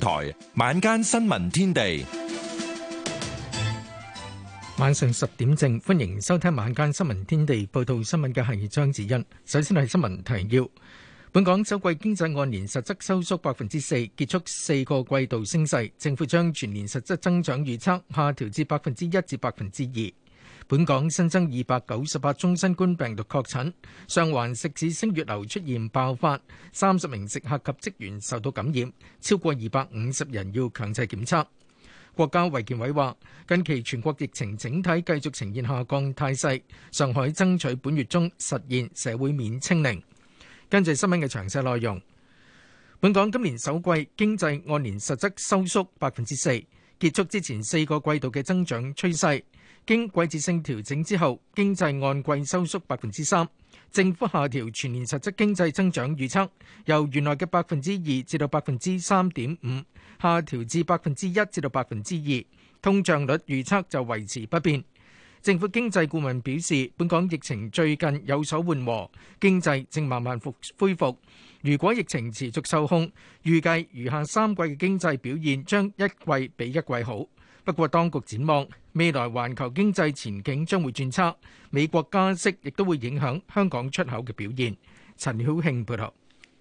台晚間新聞天地，晚上十點正，歡迎收聽晚間新聞天地，報道新聞嘅係張子欣。首先係新聞提要：本港首季經濟按年實質收縮百分之四，結束四個季度升勢。政府將全年實質增長預測下調至百分之一至百分之二。本港新增二百九十八宗新冠病毒確診，上環食肆星月樓出現爆發，三十名食客及職員受到感染，超過二百五十人要強制檢測。國家衛健委話，近期全國疫情整體繼續呈現下降態勢，上海爭取本月中實現社會面清零。跟住新聞嘅詳細內容，本港今年首季經濟按年實質收縮百分之四，結束之前四個季度嘅增長趨勢。經季節性調整之後，經濟按季收縮百分之三。政府下調全年實質經濟增長預測，由原來嘅百分之二至到百分之三點五，下調至百分之一至到百分之二。通脹率預測就維持不變。政府經濟顧問表示，本港疫情最近有所緩和，經濟正慢慢復恢復。如果疫情持續受控，預計餘下三季嘅經濟表現將一季比一季好。不過，當局展望未來，環球經濟前景將會轉差。美國加息亦都會影響香港出口嘅表現。陳曉慶報道。寶寶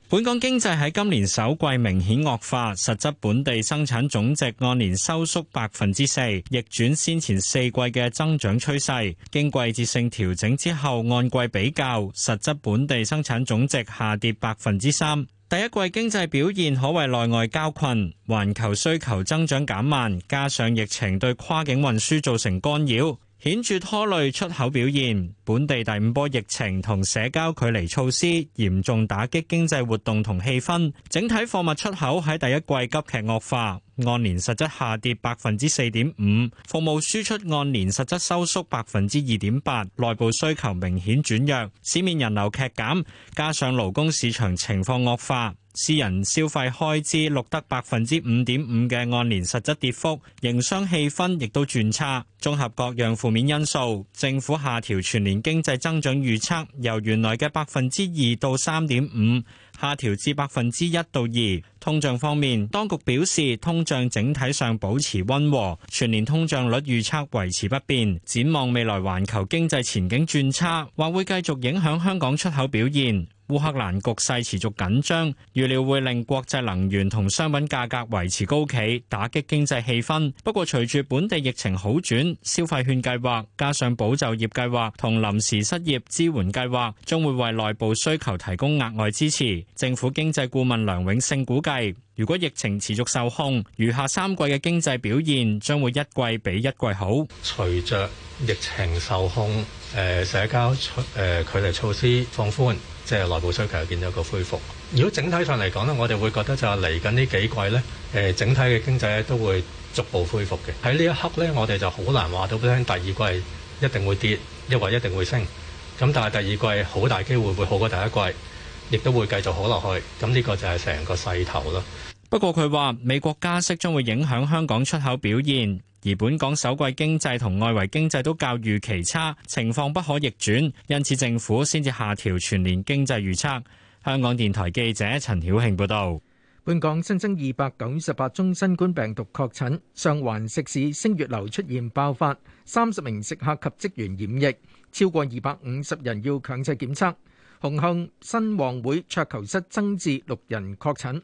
本港經濟喺今年首季明顯惡化，實質本地生產總值按年收縮百分之四，逆轉先前四季嘅增長趨勢。經季節性調整之後，按季比較，實質本地生產總值下跌百分之三。第一季經濟表現可謂內外交困，環球需求增長減慢，加上疫情對跨境運輸造成干擾。顯著拖累出口表現，本地第五波疫情同社交距離措施嚴重打擊經濟活動同氣氛，整體貨物出口喺第一季急劇惡化，按年實質下跌百分之四點五，服務輸出按年實質收縮百分之二點八，內部需求明顯轉弱，市面人流劇減，加上勞工市場情況惡化。私人消費開支錄得百分之五點五嘅按年實質跌幅，營商氣氛亦都轉差。綜合各樣負面因素，政府下調全年經濟增長預測，由原來嘅百分之二到三點五，下調至百分之一到二。通脹方面，當局表示通脹整體上保持溫和，全年通脹率預測維持不變。展望未來，環球經濟前景轉差，或會繼續影響香港出口表現。烏克蘭局勢持續緊張，預料會令國際能源同商品價格維持高企，打擊經濟氣氛。不過，隨住本地疫情好轉，消費券計劃、加上保就業計劃同臨時失業支援計劃，將會為內部需求提供額外支持。政府經濟顧問梁永勝估計。如果疫情持續受控，餘下三季嘅經濟表現將會一季比一季好。隨着疫情受控，誒、呃、社交誒、呃、距離措施放寬，即係內部需求見到一個恢復。如果整體上嚟講呢，我哋會覺得就係嚟緊呢幾季呢，誒、呃、整體嘅經濟咧都會逐步恢復嘅。喺呢一刻呢，我哋就好難話到咧，第二季一定會跌，抑或一定會升。咁但係第二季好大機會會好過第一季，亦都會繼續好落去。咁呢個就係成個勢頭咯。不過，佢話美國加息將會影響香港出口表現，而本港首季經濟同外圍經濟都較預期差，情況不可逆轉，因此政府先至下調全年經濟預測。香港電台記者陳曉慶報導，本港新增二百九十八宗新冠病毒確診，上環食肆星月樓出現爆發，三十名食客及職員染疫，超過二百五十人要強制檢測。紅磡新旺會桌球室增至六人確診。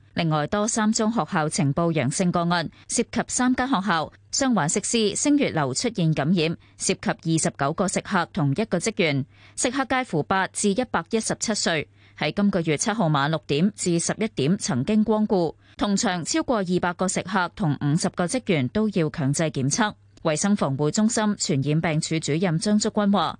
另外，多三宗學校呈報陽性個案，涉及三間學校。雙環食肆星月樓出現感染，涉及二十九個食客同一個職員，食客介乎八至一百一十七歲，喺今個月七號晚六點至十一點曾經光顧，同場超過二百個食客同五十個職員都要強制檢測。衛生防護中心傳染病處主任張竹君話。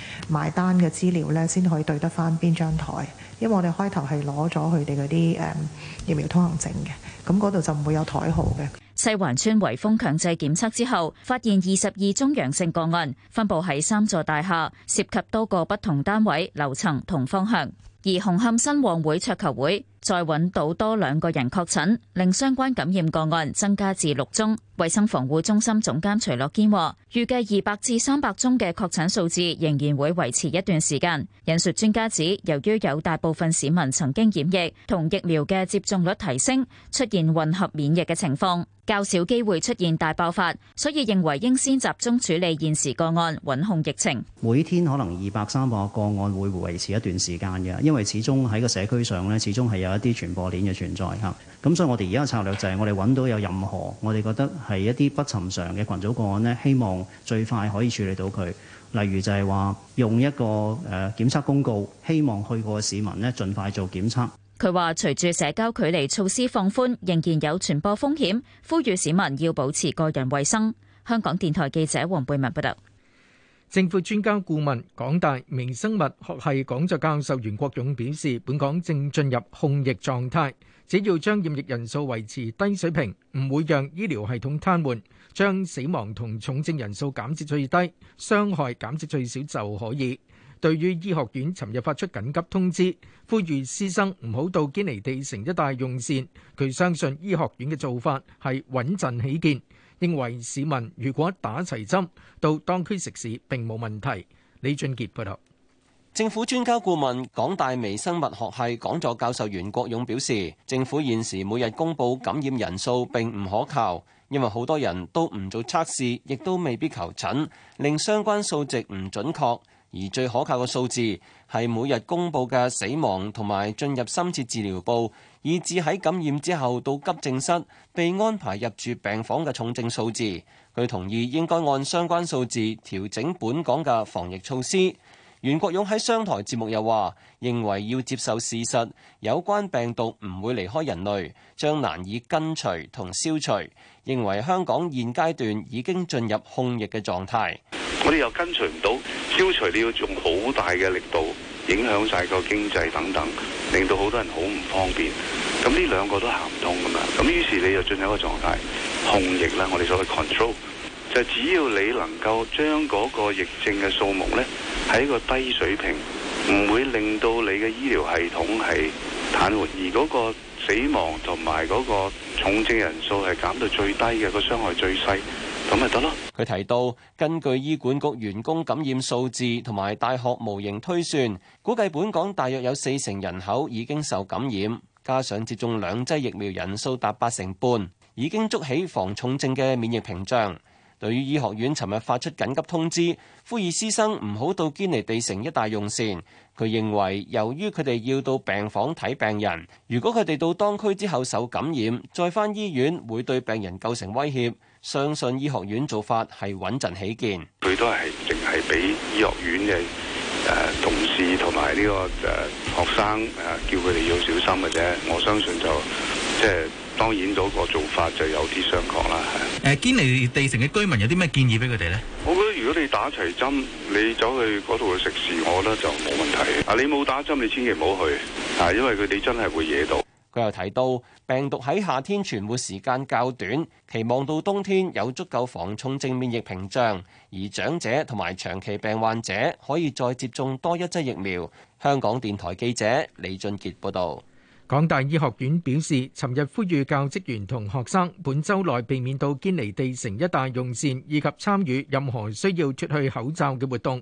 埋單嘅資料咧，先可以對得翻邊張台，因為我哋開頭係攞咗佢哋嗰啲誒疫苗通行證嘅，咁嗰度就唔會有台號嘅。西環邨圍封強制檢測之後，發現二十二宗陽性個案，分布喺三座大廈，涉及多個不同單位、樓層同方向。而紅磡新旺會桌球會，再揾到多兩個人確診，令相關感染個案增加至六宗。衛生防護中心總監徐樂堅話，預計二百至三百宗嘅確診數字仍然會維持一段時間。引述專家指，由於有大部分市民曾經染疫同疫苗嘅接種率提升，出現混合免疫嘅情況，較少機會出現大爆發，所以認為應先集中處理現時個案，穩控疫情。每天可能二百三百個個案會維持一段時間嘅，因為始終喺個社區上咧，始終係有。一啲傳播鏈嘅存在嚇，咁所以我哋而家嘅策略就係我哋揾到有任何我哋覺得係一啲不尋常嘅群組個案呢，希望最快可以處理到佢。例如就係話用一個誒檢測公告，希望去過嘅市民呢，盡快做檢測。佢話：隨住社交距離措施放寬，仍然有傳播風險，呼籲市民要保持個人衞生。香港電台記者黃貝文報道。政府專家顧問、港大微生物學系講座教授袁國勇表示，本港正進入控疫狀態，只要將染疫人數維持低水平，唔會讓醫療系統癱瘓，將死亡同重症人數減至最低，傷害減至最少就可以。對於醫學院尋日發出緊急通知，呼籲師生唔好到堅尼地城一帶用膳，佢相信醫學院嘅做法係穩陣起見。認為市民如果打齊針到當區食肆並冇問題。李俊傑報道，政府專家顧問、港大微生物學系講座教授袁國勇表示，政府現時每日公布感染人數並唔可靠，因為好多人都唔做測試，亦都未必求診，令相關數值唔準確。而最可靠嘅數字係每日公布嘅死亡同埋進入深切治療部，以至喺感染之後到急症室被安排入住病房嘅重症數字。佢同意應該按相關數字調整本港嘅防疫措施。袁國勇喺商台節目又話，認為要接受事實，有關病毒唔會離開人類，將難以根除同消除。認為香港現階段已經進入控疫嘅狀態。我哋又跟隨唔到，消除你要用好大嘅力度影響晒個經濟等等，令到好多人好唔方便。咁呢兩個都行唔通㗎嘛。咁於是你就進入一個狀態，控疫啦。我哋所謂 control 就只要你能夠將嗰個疫症嘅數目咧喺一個低水平，唔會令到你嘅醫療系統係癱瘓，而嗰個死亡同埋嗰個重症人數係減到最低嘅，個傷害最細。咁咪得咯。佢提到，根據醫管局員工感染數字同埋大學模型推算，估計本港大約有四成人口已經受感染，加上接種兩劑疫苗人數達八成半，已經築起防重症嘅免疫屏障。對於醫學院尋日發出緊急通知，呼籲師生唔好到堅尼地城一帶用膳，佢認為由於佢哋要到病房睇病人，如果佢哋到當區之後受感染，再返醫院會對病人構成威脅。相信醫學院做法係穩陣起見，佢都係淨係俾醫學院嘅誒、呃、同事同埋呢個誒、呃、學生誒、呃、叫佢哋要小心嘅啫。我相信就即係、呃、當然嗰個做法就有啲相確啦。誒、呃，堅尼地城嘅居民有啲咩建議俾佢哋咧？我覺得如果你打齊針，你走去嗰度去食肆，我覺得就冇問題。啊，你冇打針，你千祈唔好去啊，因為佢哋真係會惹到。佢又提到，病毒喺夏天存活時間較短，期望到冬天有足夠防重症免疫屏障，而長者同埋長期病患者可以再接種多一劑疫苗。香港電台記者李俊杰報道。港大醫學院表示，尋日呼籲教職員同學生本周內避免到堅尼地城一帶用膳，以及參與任何需要脱去口罩嘅活動。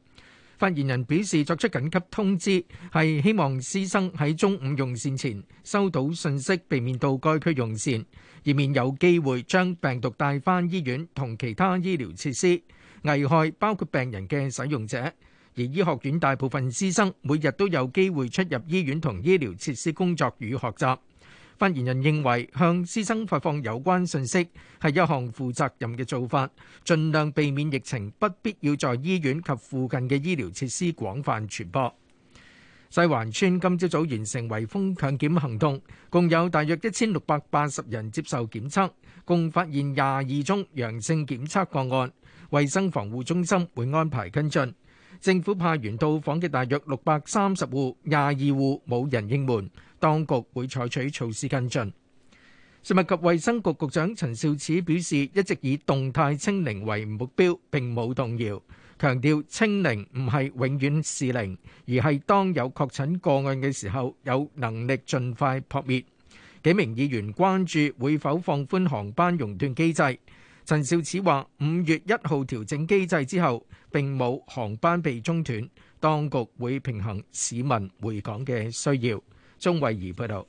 發言人表示，作出緊急通知係希望師生喺中午用膳前收到信息，避免到該區用膳，以免有機會將病毒帶返醫院同其他醫療設施，危害包括病人嘅使用者。而醫學院大部分師生每日都有機會出入醫院同醫療設施工作與學習。發言人認為向師生發放有關信息係一項負責任嘅做法，盡量避免疫情不必要在醫院及附近嘅醫療設施廣泛傳播。西環村今朝早完成圍封強檢行動，共有大約一千六百八十人接受檢測，共發現廿二宗陽性檢測個案，衛生防護中心會安排跟進。政府派員到訪嘅大約六百三十戶，廿二戶冇人應門，當局會採取措施跟進。食物及衛生局局長陳肇始表示，一直以動態清零為目標，並冇動搖，強調清零唔係永遠是零，而係當有確診個案嘅時候，有能力盡快撲滅。幾名議員關注會否放寬航班熔斷機制。陳肇始話：五月一號調整機制之後，並冇航班被中斷，當局會平衡市民回港嘅需要。鍾慧儀報道：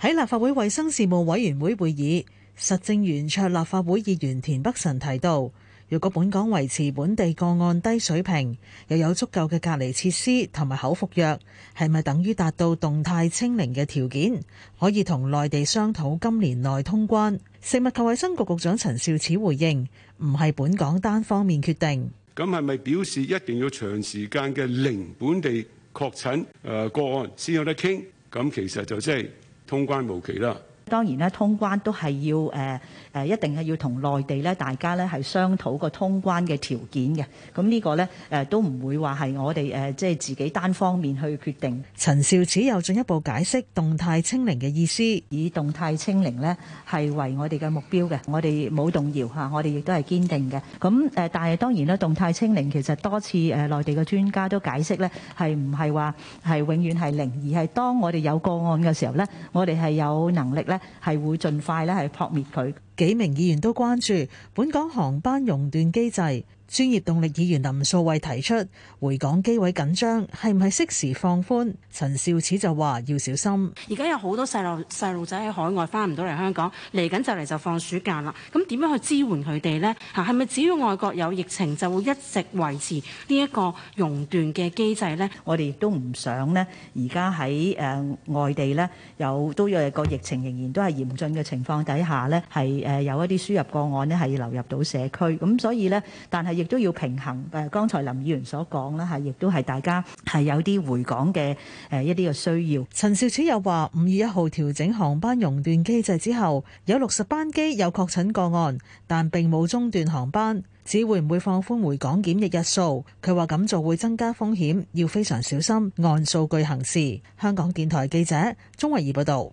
喺立法會衛生事務委員會會議，實政圓桌立法會議員田北辰提到，若果本港維持本地個案低水平，又有足夠嘅隔離設施同埋口服藥，係咪等於達到動態清零嘅條件，可以同內地商討今年內通關？食物及衞生局局長陳肇始回應：唔係本港單方面決定。咁係咪表示一定要長時間嘅零本地確診誒、呃、個案先有得傾？咁其實就即係通關無期啦。當然咧，通關都係要誒。呃誒一定係要同內地咧，大家咧係商討個通關嘅條件嘅。咁、這、呢個呢，誒都唔會話係我哋誒即係自己單方面去決定。陳肇始有進一步解釋動態清零嘅意思，以動態清零呢，係為我哋嘅目標嘅。我哋冇動搖嚇，我哋亦都係堅定嘅。咁誒，但係當然啦，動態清零其實多次誒內地嘅專家都解釋呢，係唔係話係永遠係零，而係當我哋有個案嘅時候呢，我哋係有能力呢，係會盡快咧係撲滅佢。幾名議員都關注本港航班熔斷機制。專業動力議員林素慧提出回港機位緊張，係唔係適時放寬？陳肇始就話要小心。而家有好多細路細路仔喺海外翻唔到嚟香港，嚟緊就嚟就放暑假啦。咁點樣去支援佢哋呢？嚇，係咪只要外國有疫情就會一直維持呢一個熔斷嘅機制呢？我哋亦都唔想呢。而家喺誒外地呢，有都有個疫情仍然都係嚴峻嘅情況底下呢，係誒有一啲輸入個案呢，係流入到社區。咁所以呢，但係。亦都要平衡。誒，剛才林議員所講啦，嚇，亦都係大家係有啲回港嘅誒一啲嘅需要。陳肇始又話五月一號調整航班熔斷機制之後，有六十班機有確診個案，但並冇中斷航班，指會唔會放寬回港檢疫日數，佢話咁做會增加風險，要非常小心，按數據行事。香港電台記者鍾慧儀報道。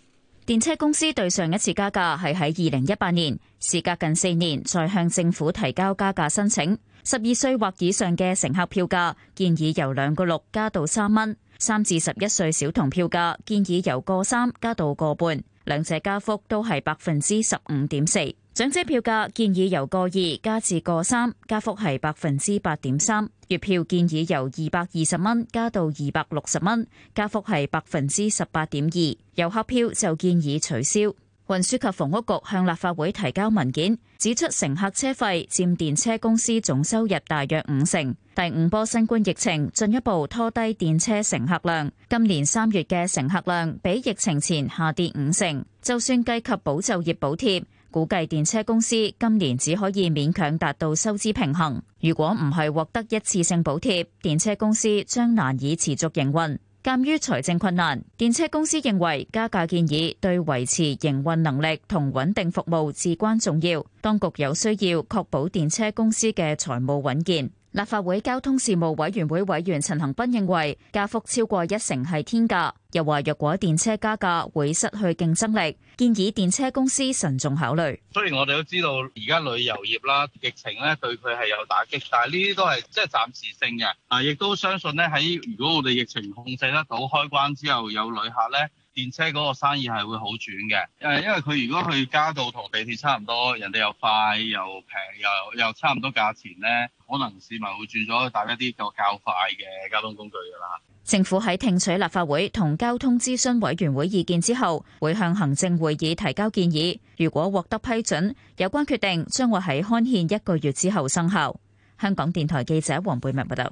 電車公司對上一次加價係喺二零一八年，時隔近四年再向政府提交加價申請。十二歲或以上嘅乘客票價建議由兩個六加到三蚊，三至十一歲小童票價建議由個三加到個半，兩者加幅都係百分之十五點四。長者票價建議由個二加至個三，加幅係百分之八點三。月票建議由二百二十蚊加到二百六十蚊，加幅係百分之十八點二。遊客票就建議取消。運輸及房屋局向立法會提交文件，指出乘客車費佔電車公司總收入大約五成。第五波新冠疫情進一步拖低電車乘客量，今年三月嘅乘客量比疫情前下跌五成。就算計及保就業補貼，估計電車公司今年只可以勉強達到收支平衡。如果唔係獲得一次性補貼，電車公司將難以持續營運。鑑於財政困難，電車公司認為加價建議對維持營運能力同穩定服務至關重要。當局有需要確保電車公司嘅財務穩健。立法會交通事務委員會委員陳恒鑌認為，加幅超過一成係天價，又話若果電車加價會失去競爭力，建議電車公司慎重考慮。雖然我哋都知道而家旅遊業啦，疫情咧對佢係有打擊，但係呢啲都係即係暫時性嘅。啊，亦都相信咧喺如果我哋疫情控制得到開關之後，有旅客咧。電車嗰個生意係會好轉嘅，誒，因為佢如果去加到同地鐵差唔多，人哋又快又平又又差唔多價錢呢，可能市民會轉咗搭一啲個較快嘅交通工具㗎啦。政府喺聽取立法會同交通諮詢委員會意見之後，會向行政會議提交建議。如果獲得批准，有關決定將會喺刊憲一個月之後生效。香港電台記者黃貝文報道。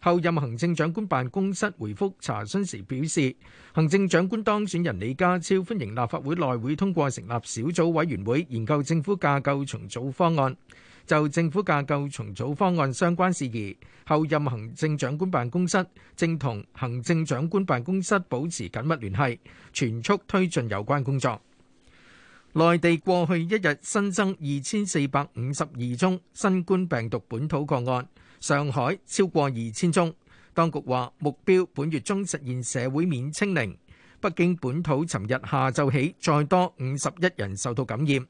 候任行政長官辦公室回覆查詢時表示，行政長官當選人李家超歡迎立法會內會通過成立小組委員會研究政府架構重組方案。就政府架構重組方案相關事宜，候任行政長官辦公室正同行政長官辦公室保持緊密聯繫，全速推進有關工作。內地過去一日新增二千四百五十二宗新冠病毒本土個案。上海超過二千宗，當局話目標本月中實現社會面清零。北京本土尋日下晝起再多五十一人受到感染。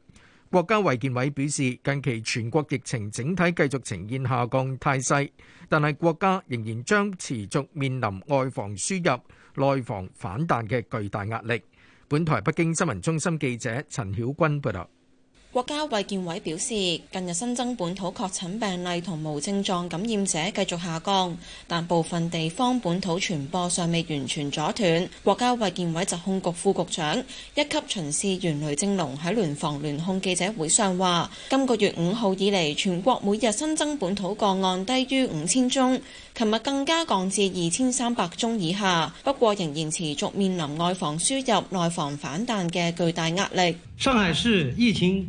國家衛健委表示，近期全國疫情整體繼續呈現下降態勢，但係國家仍然將持續面臨外防輸入、內防反彈嘅巨大壓力。本台北京新聞中心記者陳曉君報道。國家衛健委表示，近日新增本土確診病例同無症狀感染者繼續下降，但部分地方本土傳播尚未完全阻斷。國家衛健委疾控局副局長、一級巡視員雷正龍喺聯防聯控記者會上話，今個月五號以嚟，全國每日新增本土個案低於五千宗，琴日更加降至二千三百宗以下。不過，仍然持續面臨外防輸入、內防反彈嘅巨大壓力。上海市疫情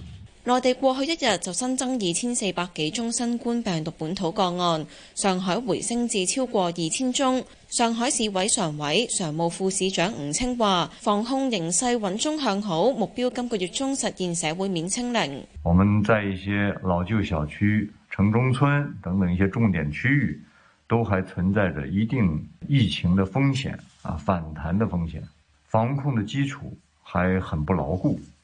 內地過去一日就新增二千四百幾宗新冠病毒本土個案，上海回升至超過二千宗。上海市委常委、常務副市長吳清話：防控形勢穩中向好，目標今個月中實現社會面清零。我們在一些老舊小區、城中村等等一些重點區域，都還存在着一定疫情的風險啊，反彈的風險，防控的基礎還很不牢固。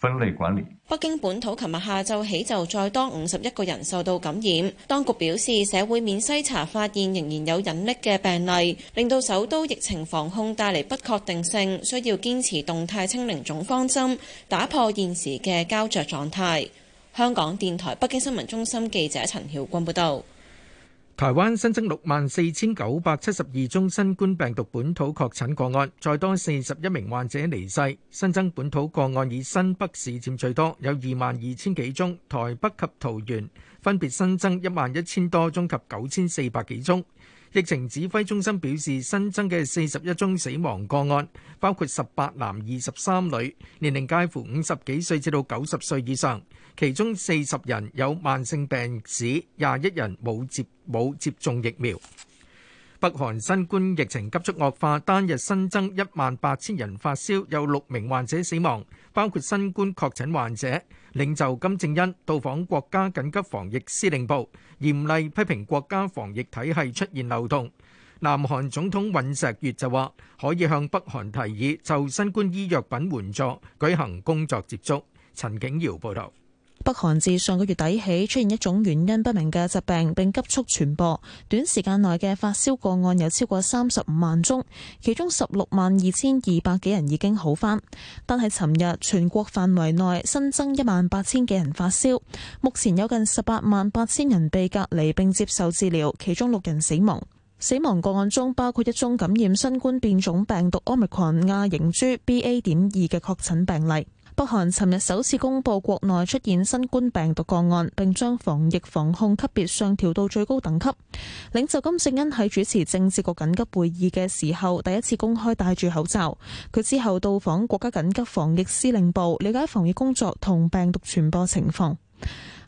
分類管理。北京本土琴日下晝起就再多五十一個人受到感染，當局表示社會面篩查發現仍然有隱匿嘅病例，令到首都疫情防控帶嚟不確定性，需要堅持動態清零總方針，打破現時嘅膠着狀態。香港電台北京新聞中心記者陳曉君報道。台灣新增六萬四千九百七十二宗新冠病毒本土確診個案，再多四十一名患者離世。新增本土個案以新北市佔最多，有二萬二千幾宗；台北及桃園分別新增一萬一千多宗及九千四百幾宗。疫情指揮中心表示，新增嘅四十一宗死亡個案，包括十八男二十三女，年齡介乎五十幾歲至到九十歲以上，其中四十人有慢性病史，廿一人冇接冇接種疫苗。北韓新冠疫情急速惡化，單日新增一萬八千人發燒，有六名患者死亡，包括新冠確診患者。領袖金正恩到訪國家緊急防疫司令部，嚴厲批評國家防疫體系出現漏洞。南韓總統尹錫悅就話可以向北韓提議就新冠醫藥品援助舉行工作接觸。陳景堯報道。北韓自上個月底起出現一種原因不明嘅疾病，並急速傳播。短時間內嘅發燒個案有超過三十五萬宗，其中十六萬二千二百幾人已經好返。但係尋日全國範圍內新增一萬八千幾人發燒，目前有近十八萬八千人被隔離並接受治療，其中六人死亡。死亡個案中包括一宗感染新冠變種病毒奧密克戎亞型株 BA.2 嘅確診病例。北韓尋日首次公布國內出現新冠病毒個案，並將防疫防控級別上調到最高等級。領袖金正恩喺主持政治局緊急會議嘅時候，第一次公開戴住口罩。佢之後到訪國家緊急防疫司令部，了解防疫工作同病毒傳播情況。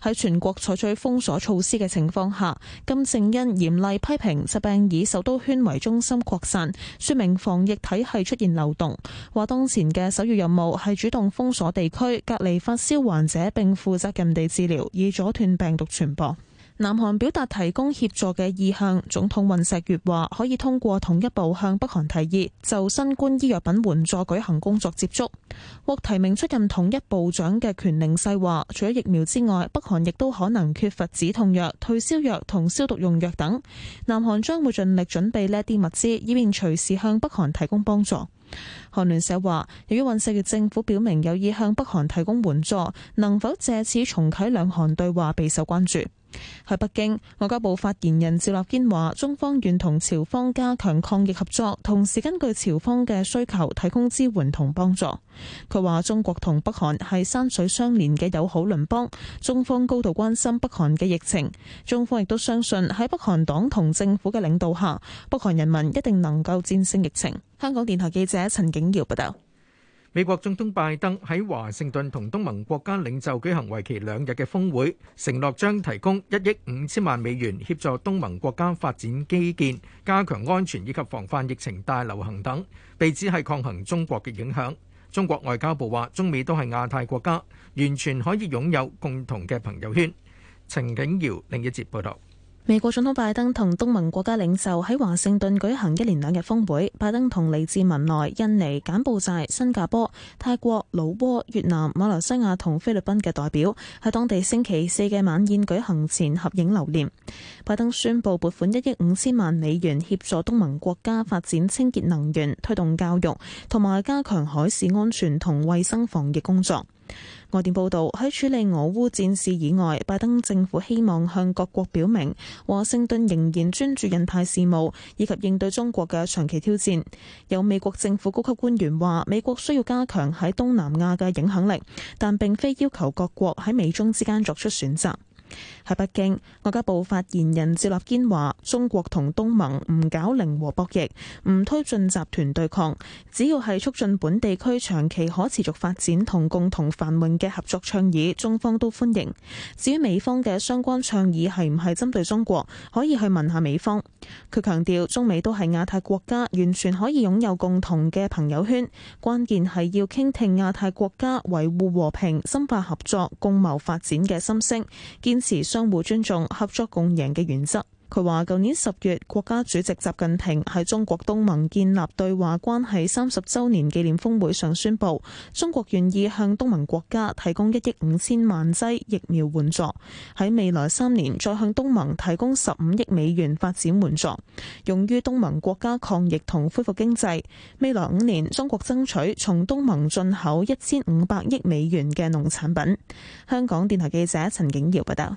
喺全國採取封鎖措施嘅情況下，金正恩嚴厲批評疾病以首都圈為中心擴散，説明防疫體系出現漏洞。話當前嘅首要任務係主動封鎖地區，隔離發燒患者並負責任地治療，以阻斷病毒傳播。南韓表達提供協助嘅意向，總統尹錫悅話可以通過統一部向北韓提議就新冠醫藥品援助舉行工作接觸。獲提名出任統一部長嘅權寧世話，除咗疫苗之外，北韓亦都可能缺乏止痛藥、退燒藥同消毒用藥等。南韓將會盡力準備呢一啲物資，以便隨時向北韓提供幫助。韓聯社話，由於尹錫悅政府表明有意向北韓提供援助，能否借此重啟兩韓對話備受關注。喺北京，外交部發言人趙立堅話：中方願同朝方加強抗疫合作，同時根據朝方嘅需求提供支援同幫助。佢話：中國同北韓係山水相連嘅友好鄰邦，中方高度關心北韓嘅疫情。中方亦都相信喺北韓黨同政府嘅領導下，北韓人民一定能夠戰勝疫情。香港電台記者陳景堯報道。美國總統拜登喺華盛頓同東盟國家領袖舉行為期兩日嘅峰會，承諾將提供一億五千萬美元協助東盟國家發展基建、加強安全以及防範疫情大流行等，被指係抗衡中國嘅影響。中國外交部話，中美都係亞太國家，完全可以擁有共同嘅朋友圈。程景堯另一節報道。美國總統拜登同東盟國家領袖喺華盛頓舉行一連兩日峰會。拜登同嚟自文萊、印尼、柬埔寨、新加坡、泰國、老撾、越南、馬來西亞同菲律賓嘅代表喺當地星期四嘅晚宴舉行前合影留念。拜登宣布撥款一億五千萬美元協助東盟國家發展清潔能源、推動教育同埋加強海事安全同衛生防疫工作。外電報道，喺處理俄烏戰事以外，拜登政府希望向各國表明，華盛頓仍然專注印太事務，以及應對中國嘅長期挑戰。有美國政府高級官員話，美國需要加強喺東南亞嘅影響力，但並非要求各國喺美中之間作出選擇。喺北京，外交部發言人趙立堅話：中國同東盟唔搞零和博弈，唔推進集團對抗，只要係促進本地區長期可持續發展同共同繁榮嘅合作倡議，中方都歡迎。至於美方嘅相關倡議係唔係針對中國，可以去問下美方。佢強調，中美都係亞太國家，完全可以擁有共同嘅朋友圈，關鍵係要傾聽亞太國家維護和平、深化合作、共謀發展嘅心聲。建持相互尊重、合作共贏嘅原則。佢話，舊年十月，國家主席習近平喺中國東盟建立對話關係三十周年紀念峰會上宣布，中國願意向東盟國家提供一億五千萬劑疫苗援助，喺未來三年再向東盟提供十五億美元發展援助，用於東盟國家抗疫同恢復經濟。未來五年，中國爭取從東盟進口一千五百億美元嘅農產品。香港電台記者陳景耀報道。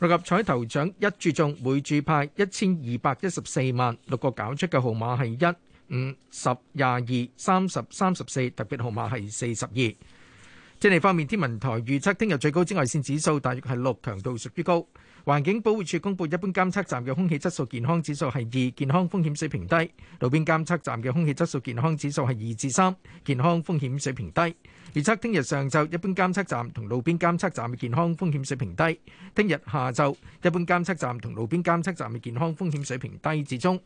六合彩頭獎一注中，每注派一千二百一十四萬。六個搞出嘅號碼係一、五、十、廿二、三十、三十四。特別號碼係四十二。天氣方面，天文台預測聽日最高紫外線指數大約係六，強度屬於高。環境保護署公佈，一般監測站嘅空氣質素健康指數係二，健康風險水平低。路邊監測站嘅空氣質素健康指數係二至三，健康風險水平低。預測聽日上晝一般監測站同路邊監測站嘅健康風險水平低，聽日下晝一般監測站同路邊監測站嘅健康風險水平低至中。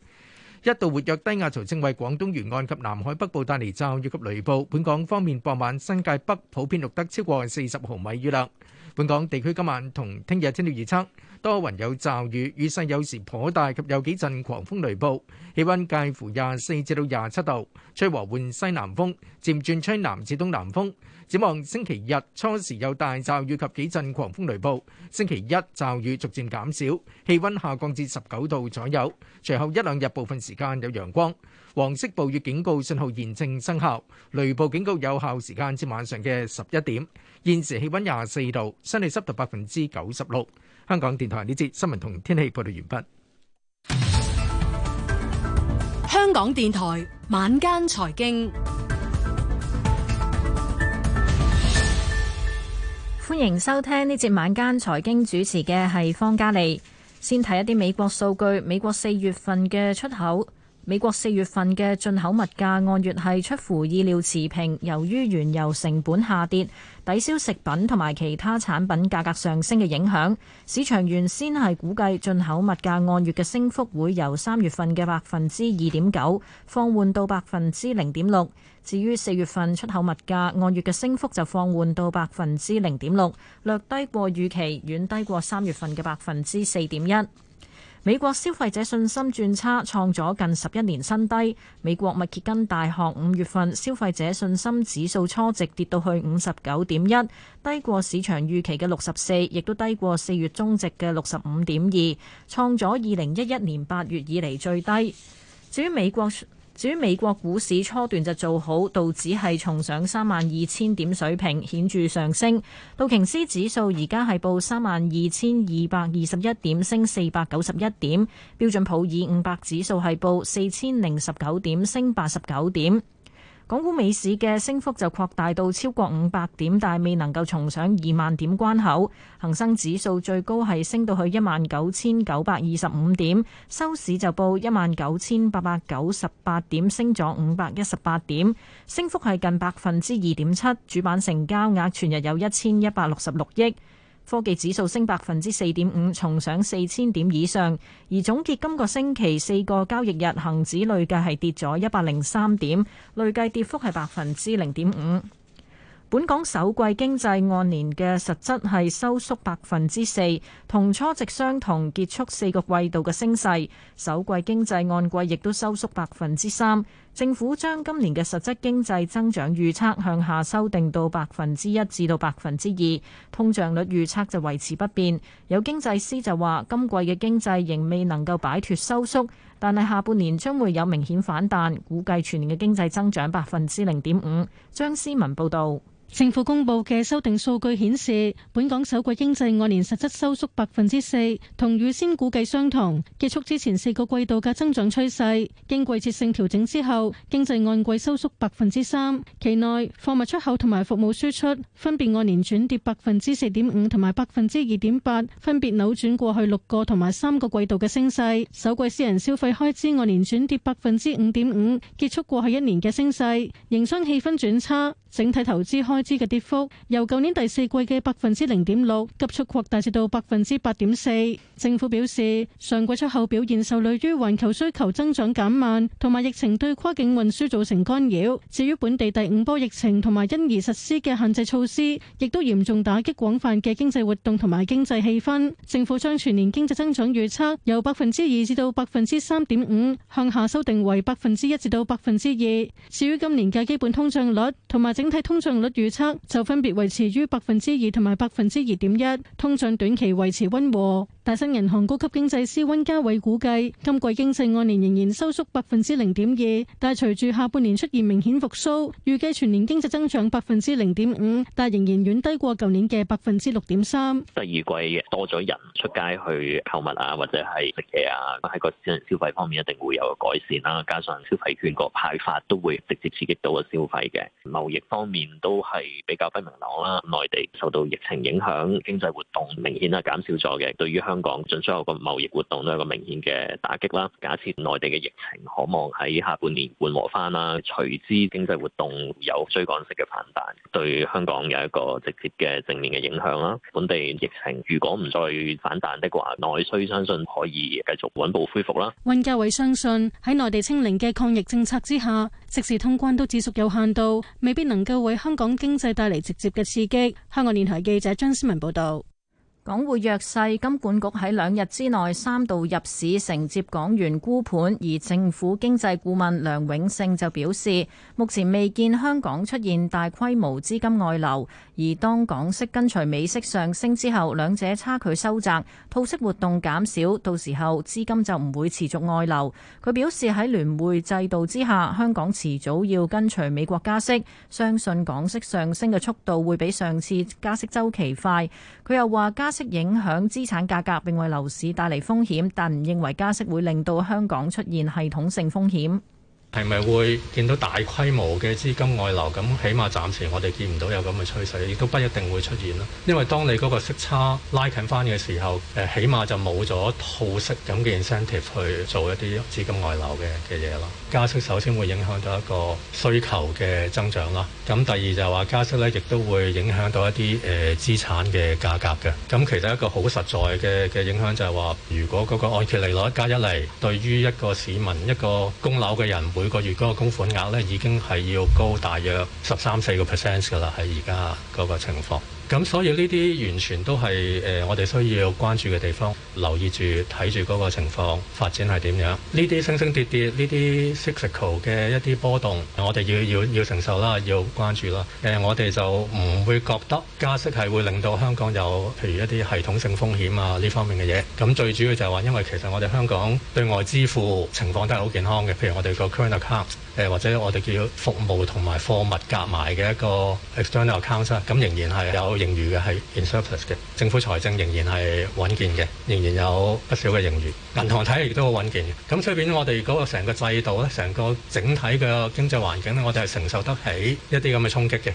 一道活躍低壓槽正為廣東沿岸及南海北部帶嚟驟雨及雷暴，本港方面傍晚新界北普，普遍錄得超過四十毫米雨量。本港地區今晚同聽日天氣預測。多雲有驟雨，雨勢有時頗大，及有幾陣狂風雷暴。氣溫介乎廿四至到廿七度，吹和緩西南風，漸轉吹南至東南風。展望星期日初時有大驟雨及幾陣狂風雷暴，星期一驟雨逐漸減少，氣溫下降至十九度左右。隨後一兩日部分時間有陽光。黃色暴雨警告信號現正生效，雷暴警告有效時間至晚上嘅十一點。現時氣溫廿四度，相對濕度百分之九十六。香港電台呢節新聞同天氣報道完畢。香港電台晚間財經，歡迎收聽呢節晚間財經，主持嘅係方嘉莉。先睇一啲美國數據，美國四月份嘅出口。美國四月份嘅進口物價按月係出乎意料持平，由於原油成本下跌，抵消食品同埋其他產品價格上升嘅影響。市場原先係估計進口物價按月嘅升幅會由三月份嘅百分之二點九放緩到百分之零點六。至於四月份出口物價按月嘅升幅就放緩到百分之零點六，略低過預期，遠低過三月份嘅百分之四點一。美國消費者信心轉差，創咗近十一年新低。美國密歇根大學五月份消費者信心指數初值跌到去五十九點一，低過市場預期嘅六十四，亦都低過四月中值嘅六十五點二，創咗二零一一年八月以嚟最低。至於美國至於美國股市初段就做好，道指係重上三萬二千點水平，顯著上升。道瓊斯指數而家係報三萬二千二百二十一點，升四百九十一點。標準普爾五百指數係報四千零十九點，升八十九點。港股、美市嘅升幅就擴大到超過五百點，但係未能夠重上二萬點關口。恒生指數最高係升到去一萬九千九百二十五點，收市就報一萬九千八百九十八點，升咗五百一十八點，升幅係近百分之二點七。主板成交額全日有一千一百六十六億。科技指數升百分之四點五，重上四千點以上。而總結今個星期四個交易日，恆指累計係跌咗一百零三點，累計跌幅係百分之零點五。本港首季經濟按年嘅實質係收縮百分之四，同初值相同，結束四個季度嘅升勢。首季經濟按季亦都收縮百分之三。政府將今年嘅實質經濟增長預測向下修訂到百分之一至到百分之二，通脹率預測就維持不變，有經濟師就話今季嘅經濟仍未能夠擺脫收縮，但係下半年將會有明顯反彈，估計全年嘅經濟增長百分之零點五。張思文報道。政府公布嘅修訂數據顯示，本港首季經濟按年實質收縮百分之四，同預先估計相同，結束之前四個季度嘅增長趨勢，經季節性調整之後，經濟按季收縮百分之三。期內貨物出口同埋服務輸出分別按年轉跌百分之四點五同埋百分之二點八，分別扭轉過去六個同埋三個季度嘅升勢。首季私人消費開支按年轉跌百分之五點五，結束過去一年嘅升勢。營商氣氛轉差。整體投資開支嘅跌幅由舊年第四季嘅百分之零點六急速擴大至到百分之八點四。政府表示，上季出口表現受累於環球需求增長減慢，同埋疫情對跨境運輸造成干擾。至於本地第五波疫情同埋因而實施嘅限制措施，亦都嚴重打擊廣泛嘅經濟活動同埋經濟氣氛。政府將全年經濟增長預測由百分之二至到百分之三點五，向下修訂為百分之一至到百分之二。至於今年嘅基本通脹率同埋整體通脹率預測就分別維持於百分之二同埋百分之二點一，通脹短期維持溫和。大新銀行高級經濟師温家偉估計，今季經濟按年仍然收縮百分之零點二，但係隨住下半年出現明顯復甦，預計全年經濟增長百分之零點五，但仍然遠低過舊年嘅百分之六點三。第二季多咗人出街去購物啊，或者係食嘢啊，喺個私人消費方面一定會有改善啦、啊。加上消費券個派發都會直接刺激到個消費嘅。貿易方面都係比較不明朗啦、啊。內地受到疫情影響，經濟活動明顯係減少咗嘅。對於香香港進出口個貿易活動都有個明顯嘅打擊啦。假設內地嘅疫情可望喺下半年緩和翻啦，隨之經濟活動有追趕式嘅反彈，對香港有一個直接嘅正面嘅影響啦。本地疫情如果唔再反彈的話，內需相信可以繼續穩步恢復啦。韋家偉相信喺內地清零嘅抗疫政策之下，即時通關都只屬有限度，未必能夠為香港經濟帶嚟直接嘅刺激。香港電台記者張思文報道。港匯弱勢，金管局喺兩日之內三度入市承接港元沽盤，而政府經濟顧問梁永勝就表示，目前未見香港出現大規模資金外流。而當港息跟隨美息上升之後，兩者差距收窄，套息活動減少，到時候資金就唔會持續外流。佢表示喺聯匯制度之下，香港遲早要跟隨美國加息，相信港息上升嘅速度會比上次加息周期快。佢又話：加息影響資產價格，並為樓市帶嚟風險，但唔認為加息會令到香港出現系統性風險。係咪會見到大規模嘅資金外流？咁起碼暫時我哋見唔到有咁嘅趨勢，亦都不一定會出現啦。因為當你嗰個息差拉近返嘅時候，誒起碼就冇咗套息咁嘅 incentive 去做一啲資金外流嘅嘅嘢啦。加息首先會影響到一個需求嘅增長啦，咁第二就係話加息咧，亦都會影響到一啲誒資產嘅價格嘅。咁其實一個好實在嘅嘅影響就係話，如果嗰個按揭利率加一釐，對於一個市民一個供樓嘅人每個月嗰個供款額咧，已經係要高大約十三四個 percent 㗎啦，喺而家嗰個情況。咁、嗯、所以呢啲完全都係誒、呃、我哋需要關注嘅地方，留意住睇住個情況發展係點樣。呢啲升升跌跌，呢啲 cyclical 嘅一啲波動我哋要要要承受啦，要關注啦。誒、呃、我哋就唔會覺得加息係會令到香港有譬如一啲系統性風險啊呢方面嘅嘢。咁、嗯、最主要就係話，因為其實我哋香港對外支付情況都係好健康嘅，譬如我哋個 current account 誒、呃、或者我哋叫服務同埋貨物夾埋嘅一個 external account，咁、啊、仍然係有盈餘嘅係嘅，政府財政仍然係穩健嘅，仍然有不少嘅盈餘。銀行體系亦都好穩健嘅。咁隨便，我哋嗰個成個制度咧，成個整體嘅經濟環境咧，我哋係承受得起一啲咁嘅衝擊嘅。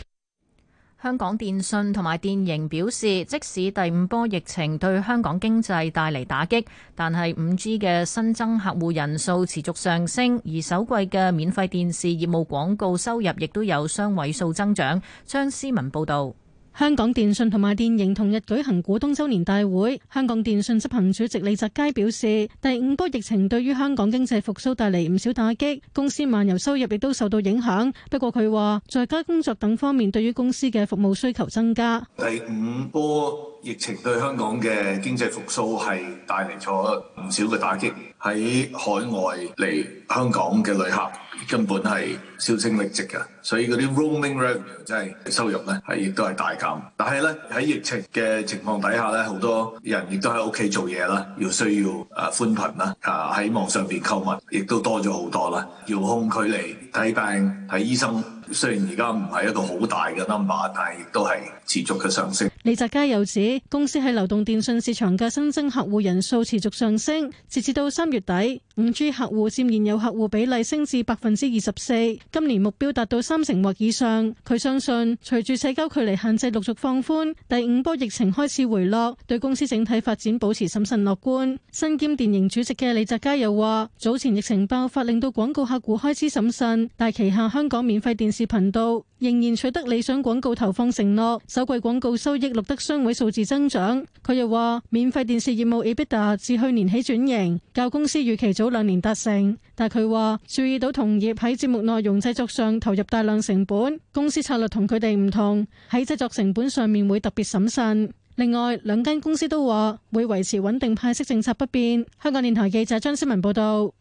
香港電訊同埋電盈表示，即使第五波疫情對香港經濟帶嚟打擊，但係五 G 嘅新增客戶人數持續上升，而首季嘅免費電視業務廣告收入亦都有雙位數增長。張思文報導。香港電訊同埋電盈同日舉行股東周年大會。香港電訊執行主席李澤楷表示，第五波疫情對於香港經濟復甦帶嚟唔少打擊，公司漫遊收入亦都受到影響。不過佢話，在家工作等方面對於公司嘅服務需求增加。第五波疫情對香港嘅經濟復甦係帶嚟咗唔少嘅打擊，喺海外嚟香港嘅旅客，根本係銷聲匿跡嘅，所以嗰啲 roaming revenue，即係收入咧係亦都係大減。但係咧，喺疫情嘅情況底下咧，好多人亦都喺屋企做嘢啦，要需要啊寬頻啦啊喺網上邊購物亦都多咗好多啦，遙控距離睇病睇醫生，雖然而家唔係一個好大嘅 number，但係亦都係持續嘅上升。李澤楷又指，公司喺流動電信市場嘅新增客戶人數持續上升，截至到三月底。五 G 客戶佔現有客戶比例升至百分之二十四，今年目標達到三成或以上。佢相信，隨住社交距離限制陸續放寬，第五波疫情開始回落，對公司整體發展保持審慎樂觀。身兼電盈主席嘅李澤楷又話：早前疫情爆發，令到廣告客戶開始審慎，但旗下香港免費電視頻道仍然取得理想廣告投放承諾，首季廣告收益錄得雙位數字增長。佢又話，免費電視業務 EBITDA 自去年起轉型，較公司預期早。兩年達成，但佢話注意到同業喺節目內容製作上投入大量成本，公司策略同佢哋唔同，喺製作成本上面會特別審慎。另外，兩間公司都話會維持穩定派息政策不變。香港電台記者張思文報道。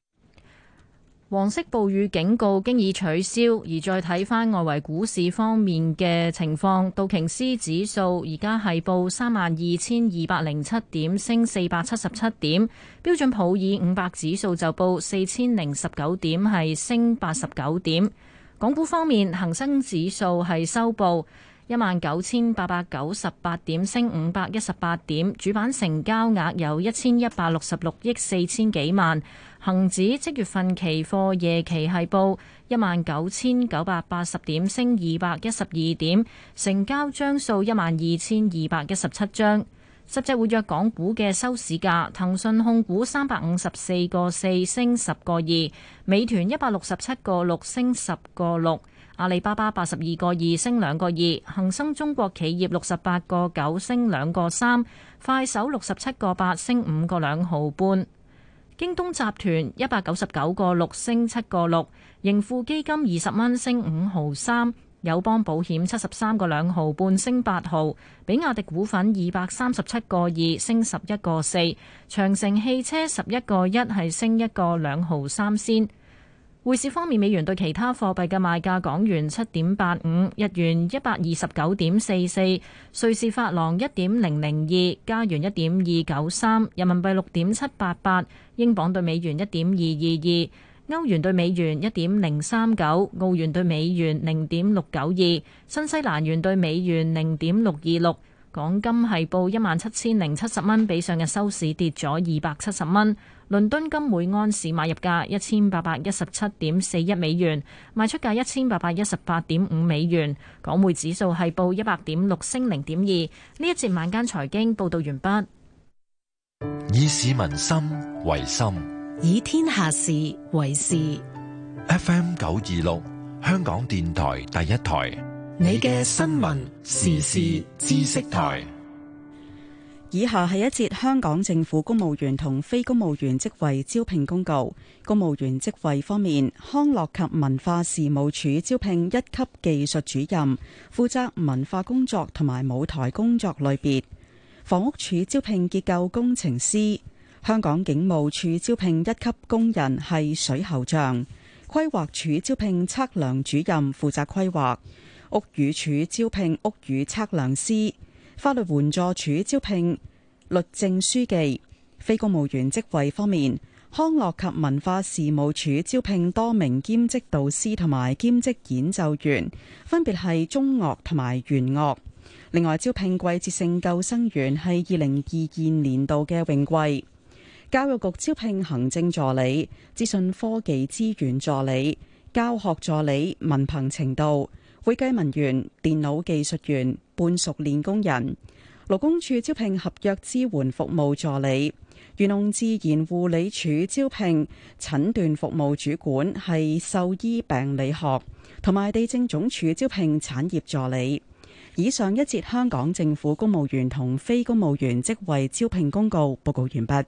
黃色暴雨警告經已取消，而再睇返外圍股市方面嘅情況，道瓊斯指數而家係報三萬二千二百零七點，升四百七十七點；標準普爾五百指數就報四千零十九點，係升八十九點。港股方面，恒生指數係收報一萬九千八百九十八點，升五百一十八點，主板成交額有一千一百六十六億四千幾萬。恒指即月份期貨夜期係報一萬九千九百八十點，升二百一十二點，成交張數一萬二千二百一十七張。十隻活躍港股嘅收市價，騰訊控股三百五十四個四升十個二，美團一百六十七個六升十個六，阿里巴巴八十二個二升兩個二，恒生中國企業六十八個九升兩個三，快手六十七個八升五個兩毫半。京東集團一百九十九個六升七個六，盈富基金二十蚊升五毫三，友邦保險七十三個兩毫半升八毫，比亞迪股份二百三十七個二升十一個四，長城汽車十一個一係升一個兩毫三先。匯市方面，美元對其他貨幣嘅賣價：港元七點八五，日元一百二十九點四四，瑞士法郎一點零零二，加元一點二九三，人民幣六點七八八，英鎊對美元一點二二二，歐元對美元一點零三九，澳元對美元零點六九二，新西蘭元對美元零點六二六。港金係報一萬七千零七十蚊，比上日收市跌咗二百七十蚊。倫敦金每安士買入價一千八百一十七點四一美元，賣出價一千八百一十八點五美元。港匯指數係報 2, 一百點六升零點二。呢一節晚間財經報道完畢。以市民心為心，以天下事為事。F M 九二六，香港電台第一台，你嘅新聞時事知識台。以下係一節香港政府公務員同非公務員職位招聘公告。公務員職位方面，康樂及文化事務署招聘一級技術主任，負責文化工作同埋舞台工作類別；房屋署招聘結構工程師；香港警務處招聘一級工人係水喉匠；規劃署招聘測量主任，負責規劃；屋宇署招聘屋宇測量師。法律援助署招聘律政書記。非公務員職位方面，康樂及文化事務署招聘多名兼職導師同埋兼職演奏員，分別係中樂同埋弦樂。另外，招聘季節性救生員係二零二二年度嘅泳季。教育局招聘行政助理、資訊科技資源助理、教學助理，文憑程度。會計文員、電腦技術員、半熟練工人、勞工處招聘合約支援服務助理、漁農自然護理署招聘診斷服務主管係獸醫病理學，同埋地政總署招聘產業助理。以上一節香港政府公務員同非公務員職位招聘公告報告完畢。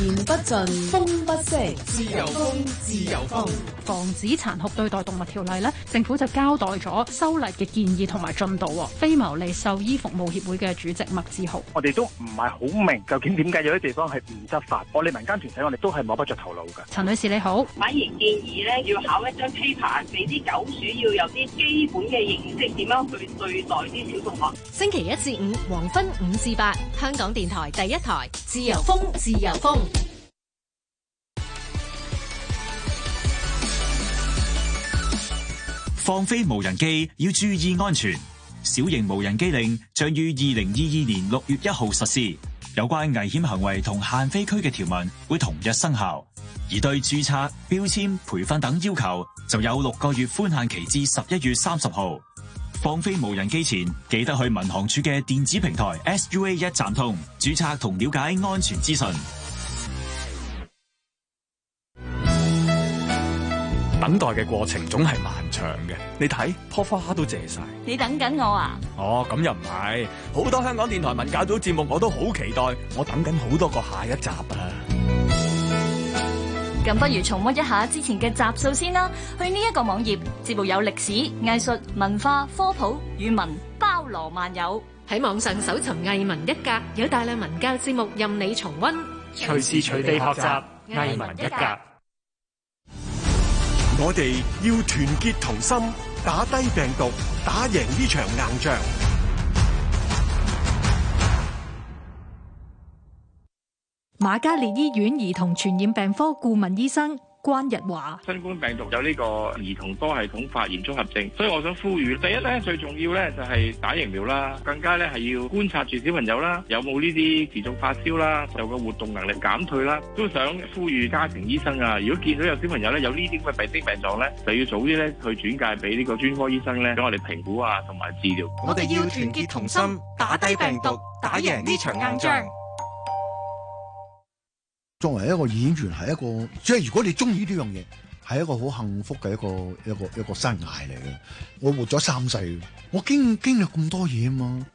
言不盡，風不息，自由風，自由風。防止殘酷對待動物條例呢，政府就交代咗修例嘅建議同埋進度。非牟利獸醫服務協會嘅主席麥志豪，我哋都唔係好明究竟點解有啲地方係唔執法。我哋民間團體，我哋都係摸不着頭腦㗎。陳女士你好，反而建議呢要考一張 paper，俾啲狗鼠要有啲基本嘅認識，點樣去對待啲小動物。星期一至五黃昏五至八，香港電台第一台，自由風，自由風。放飛無人機要注意安全。小型無人機令將於二零二二年六月一號實施，有關危險行為同限飛區嘅條文會同日生效，而對注冊、標籤、培訓等要求就有六個月寬限期至十一月三十號。放飛無人機前記得去民航處嘅電子平台 SUA 一站通注冊同了解安全資訊。等待嘅過程總係漫長嘅，你睇，棵花都謝晒。你等緊我啊？哦，咁又唔係，好多香港電台文教組節目我都好期待，我等緊好多個下一集啊！咁不如重溫一下之前嘅集數先啦。去呢一個網頁，節目有歷史、藝術、文化、科普、語文，包羅萬有。喺網上搜尋《藝文一格》，有大量文教節目任你重溫，隨時隨地學習《藝文一格》。我哋要團結同心，打低病毒，打贏呢場硬仗。瑪嘉烈醫院兒童傳染病科顧問醫生。關日華，新冠病毒有呢個兒童多系統發炎綜合症，所以我想呼籲，第一咧最重要咧就係打疫苗啦，更加咧係要觀察住小朋友啦，有冇呢啲持續發燒啦，有個活動能力減退啦，都想呼籲家庭醫生啊，如果見到有小朋友咧有呢啲咁嘅病症咧，就要早啲咧去轉介俾呢個專科醫生咧，俾我哋評估啊同埋治療。我哋要團結同心，打低病毒，打贏呢場硬仗。作為一個演員係一個，即係如果你中意呢樣嘢，係一個好幸福嘅一個一個一個生涯嚟嘅。我活咗三世，我經經歷咁多嘢啊嘛。